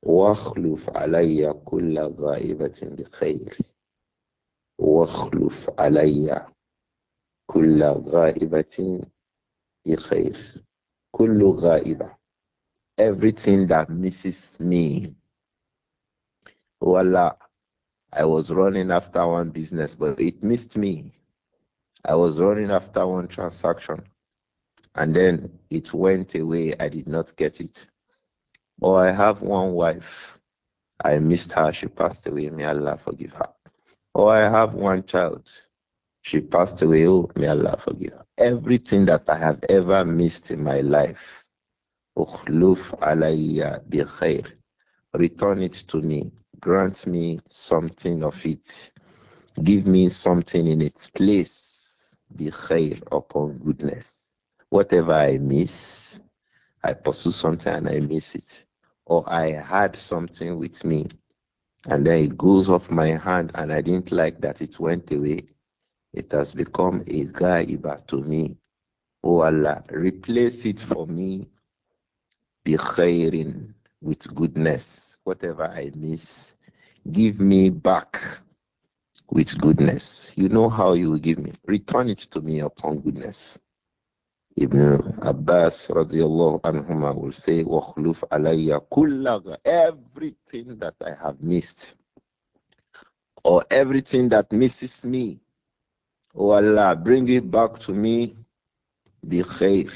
واخلف علي كل غائبة بخير واخلف علي كل غائبة بخير كل غائبة everything that misses me voila I was running after one business but it missed me I was running after one transaction and then it went away I did not get it Oh, I have one wife. I missed her. She passed away. May Allah forgive her. Oh, I have one child. She passed away. Oh, may Allah forgive her. Everything that I have ever missed in my life, ukhluf alayya bi Return it to me. Grant me something of it. Give me something in its place. Be upon goodness. Whatever I miss, I pursue something and I miss it. Or I had something with me and then it goes off my hand and I didn't like that it went away. It has become a gaiba to me. Oh Allah, replace it for me be khairin, with goodness. Whatever I miss, give me back with goodness. You know how you will give me. Return it to me upon goodness. Ibn Abbas radiallahu anhuma will say, Wakhluf alayya kullaga, everything that I have missed, or everything that misses me. O Allah, bring it back to me, bi khair.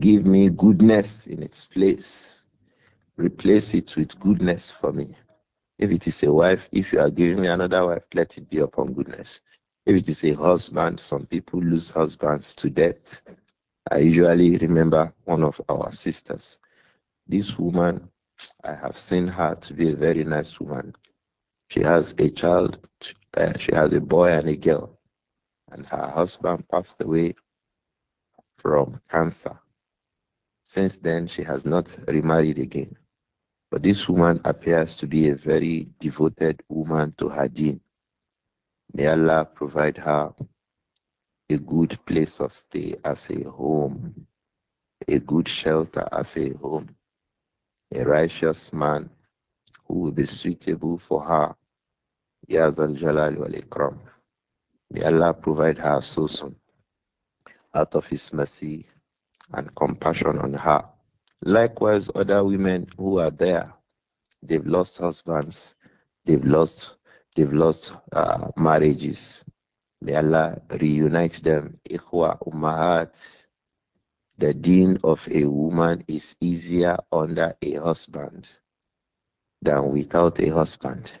Give me goodness in its place. Replace it with goodness for me. If it is a wife, if you are giving me another wife, let it be upon goodness. If it is a husband, some people lose husbands to death I usually remember one of our sisters. This woman, I have seen her to be a very nice woman. She has a child, uh, she has a boy and a girl, and her husband passed away from cancer. Since then, she has not remarried again. But this woman appears to be a very devoted woman to her deen. May Allah provide her a good place of stay as a home, a good shelter as a home, a righteous man who will be suitable for her. Ya Zal Jalal wal Ikram. May Allah provide her so soon out of His mercy and compassion on her. Likewise, other women who are there, they've lost husbands, they've lost, they've lost uh, marriages, May Allah reunite them. Ikhwa Ummahat. The deen of a woman is easier under a husband than without a husband.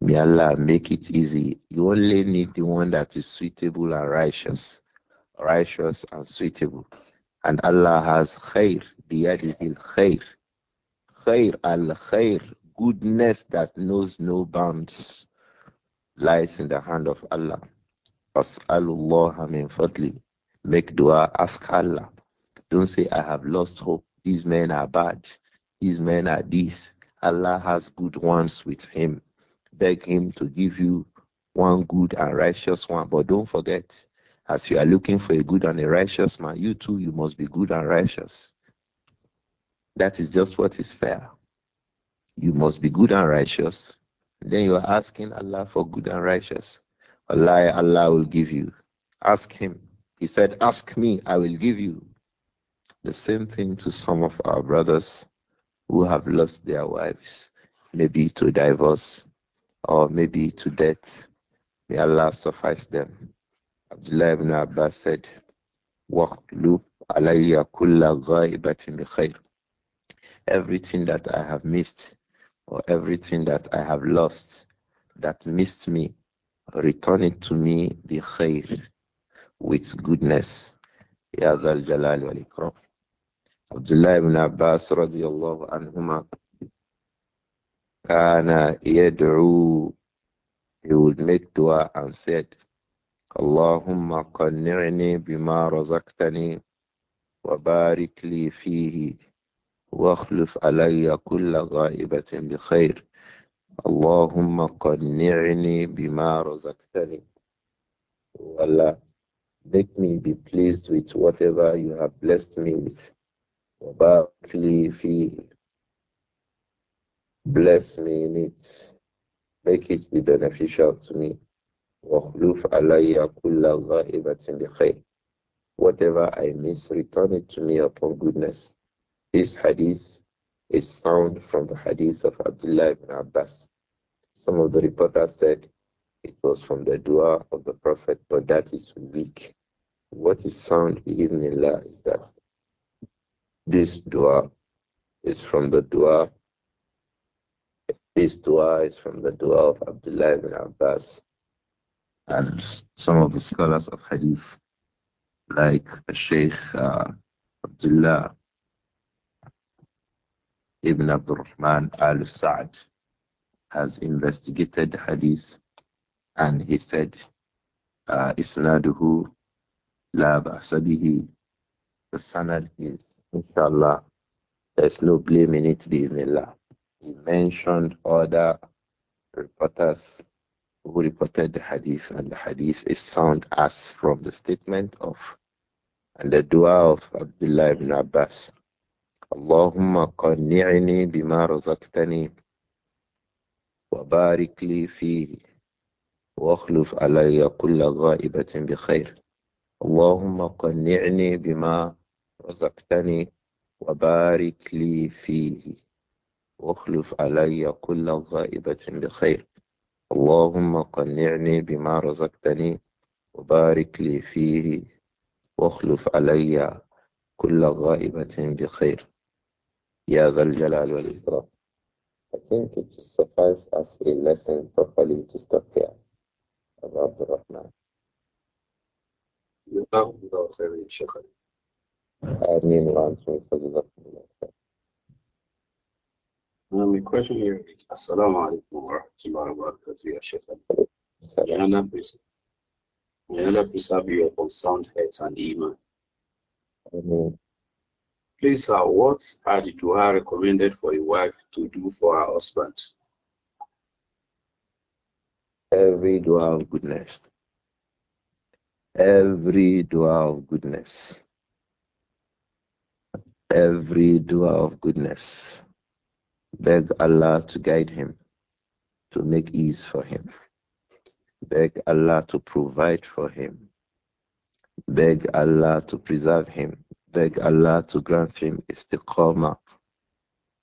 May Allah make it easy. You only need the one that is suitable and righteous. Righteous and suitable. And Allah has khair, biyadihil khair. Khair al khair, goodness that knows no bounds, lies in the hand of Allah. Fas'alullah min fadli. Make dua, ask Allah. Don't say, I have lost hope. These men are bad. These men are this. Allah has good ones with him. Beg him to give you one good and righteous one. But don't forget, as you are looking for a good and a righteous man, you too, you must be good and righteous. That is just what is fair. You must be good and righteous. Then you are asking Allah for good and righteous. Allah, Allah will give you. Ask him. He said, Ask me, I will give you. The same thing to some of our brothers who have lost their wives, maybe to divorce or maybe to death. May Allah suffice them. Abdullah ibn Abbas said, Everything that I have missed or everything that I have lost that missed me, return it to me bi khair, with goodness. Ya Dhal Jalal wal Ikram. Abdullah ibn Abbas radiallahu anhuma kana yad'u he would make dua and said اللهم قنعني بما رزقتني وبارك لي فيه واخلف علي كل غائبة بخير اللهم قنعني بما رزقتني Allah make me be pleased with whatever you have blessed me with وباركلي فيه bless me in it make it be beneficial to me واخلف علي كل غائبة بخير whatever I miss return it to me upon goodness this hadith is sound from the hadith of Abdullah ibn Abbas. Some of the reporters said it was from the dua of the Prophet, but that is weak. What is sound in Allah is that this dua is from the dua. This dua is from the dua of Abdullah ibn Abbas and some of the scholars of hadith, like Sheikh uh, Abdullah Ibn Abdul Rahman al Sa'd has investigated hadith and he said, uh, Isnaduhu la ba'sabihi. The sanad is, inshallah, there's no blame in it, bi'inillah. He mentioned other reporters who reported the hadith, and the hadith is sound as from the statement of and the dua of Abdullah ibn Abbas اللهم قنعني بما رزقتني وبارك لي فيه واخلف علي كل غائبة بخير اللهم قنعني بما رزقتني وبارك لي فيه واخلف علي كل غائبة بخير اللهم قنعني بما رزقتني وبارك لي فيه واخلف علي كل غائبة بخير Ya Jalal wal Ikram. I think it should suffice as a lesson properly to stop here. About the Rahman. آمين وأنتم Um, a question here is Assalamu alaikum wa rahmatullahi wa barakatuh, Ya Sheikh. May Allah, preserve you upon sound health and iman. Amen. Please, sir, what are the dua recommended for a wife to do for her husband? Every dua of goodness. Every dua of goodness. Every dua of goodness. Beg Allah to guide him, to make ease for him. Beg Allah to provide for him. Beg Allah to preserve him beg Allah to grant him istiqamah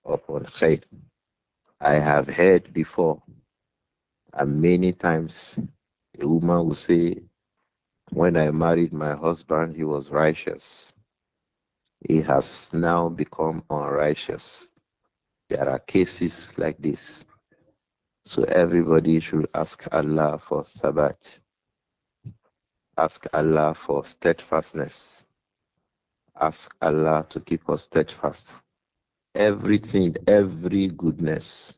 upon khair. I have heard before, and many times a woman will say, When I married my husband, he was righteous. He has now become unrighteous. There are cases like this. So everybody should ask Allah for sabat. Ask Allah for steadfastness ask Allah to keep us steadfast. Everything, every goodness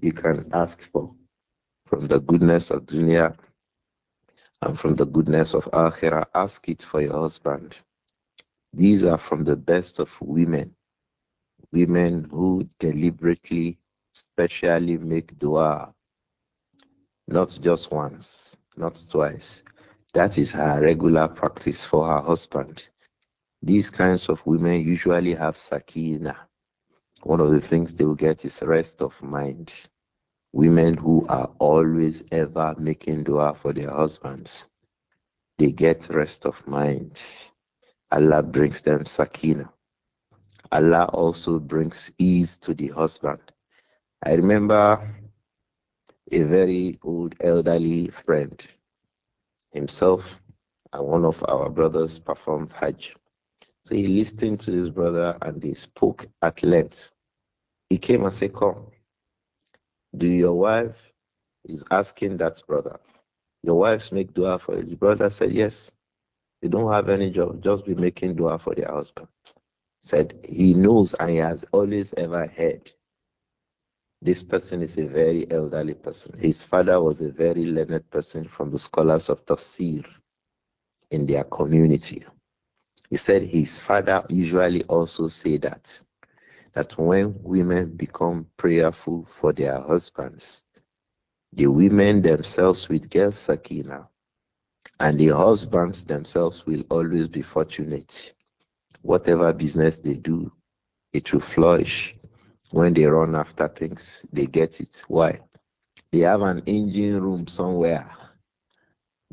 you can ask for from the goodness of dunya and from the goodness of akhirah, ask it for your husband. These are from the best of women, women who deliberately, specially make dua, not just once, not twice. That is her regular practice for her husband these kinds of women usually have sakina. One of the things they will get is rest of mind. Women who are always ever making dua for their husbands, they get rest of mind. Allah brings them sakina. Allah also brings ease to the husband. I remember a very old elderly friend himself and one of our brothers performed Hajj. So he listened to his brother and they spoke at length. He came and said, Come, do your wife is asking that brother. Your wife's make dua for you. The brother said, Yes. They don't have any job, just be making dua for their husband. Said he knows and he has always ever heard. This person is a very elderly person. His father was a very learned person from the scholars of tafsir in their community. He said his father usually also say that that when women become prayerful for their husbands, the women themselves will get sakina, and the husbands themselves will always be fortunate. Whatever business they do, it will flourish. When they run after things, they get it. Why? They have an engine room somewhere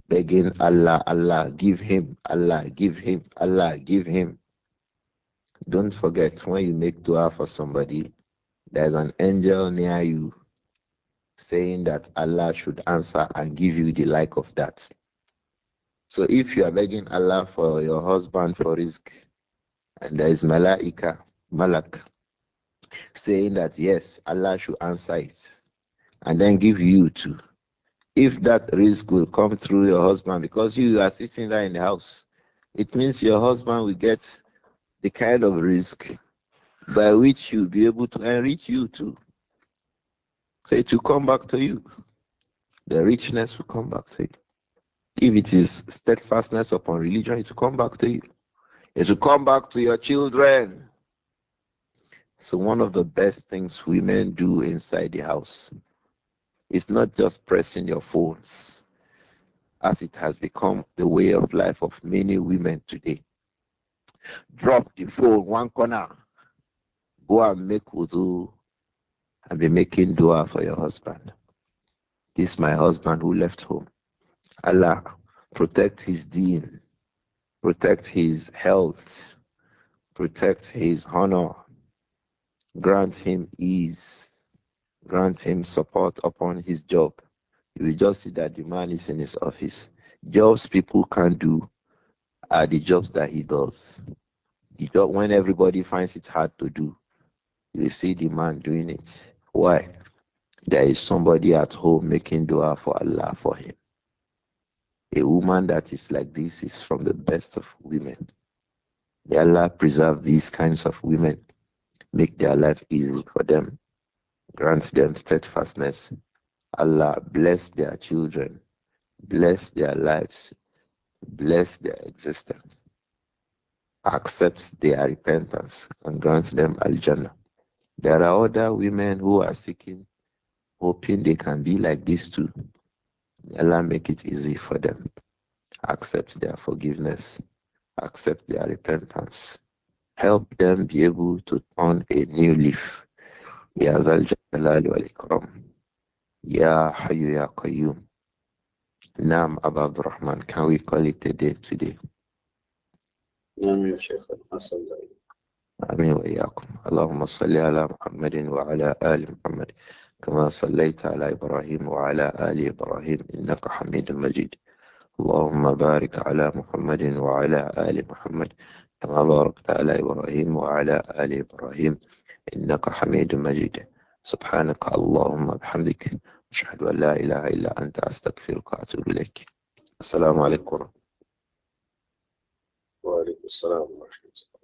begging Allah, Allah, give him, Allah, give him, Allah, give him. Don't forget when you make dua for somebody, there's an angel near you saying that Allah should answer and give you the like of that. So if you are begging Allah for your husband for risk, and there is Malaika, Malak, saying that yes, Allah should answer it, and then give you too if that risk will come through your husband because you are sitting there in the house, it means your husband will get the kind of risk by which you'll be able to enrich you too. So it will come back to you. The richness will come back to you. If it is steadfastness upon religion, it will come back to you. It will come back to your children. So one of the best things women do inside the house it's not just pressing your phones, as it has become the way of life of many women today. Drop the phone one corner, go and make wudu, and be making dua for your husband. This is my husband who left home. Allah, protect his deen, protect his health, protect his honor, grant him ease, grant him support upon his job. You will just see that the man is in his office. Jobs people can do are the jobs that he does. The job when everybody finds it hard to do, you see the man doing it. Why? There is somebody at home making dua for Allah for him. A woman that is like this is from the best of women. May Allah preserve these kinds of women, make their life easy for them grant them steadfastness. Allah bless their children, bless their lives, bless their existence, accepts their repentance, and grants them Al Jannah. There are other women who are seeking, hoping they can be like these two. Allah make it easy for them. Accept their forgiveness, accept their repentance, help them be able to turn a new leaf يا ذا الجلال والإكرام يا حي يا قيوم نعم أبا عبد الرحمن can we call it a day today نعم يا شيخ حسن آمين وإياكم اللهم صل على محمد وعلى آل محمد كما صليت على إبراهيم وعلى آل إبراهيم إنك حميد مجيد اللهم بارك على محمد وعلى آل محمد كما باركت على إبراهيم وعلى آل إبراهيم إنك حميد مجيد سبحانك اللهم بحمدك أشهد أن لا إله إلا أنت أستغفرك وأتوب إليك السلام عليكم وعليكم السلام ورحمة الله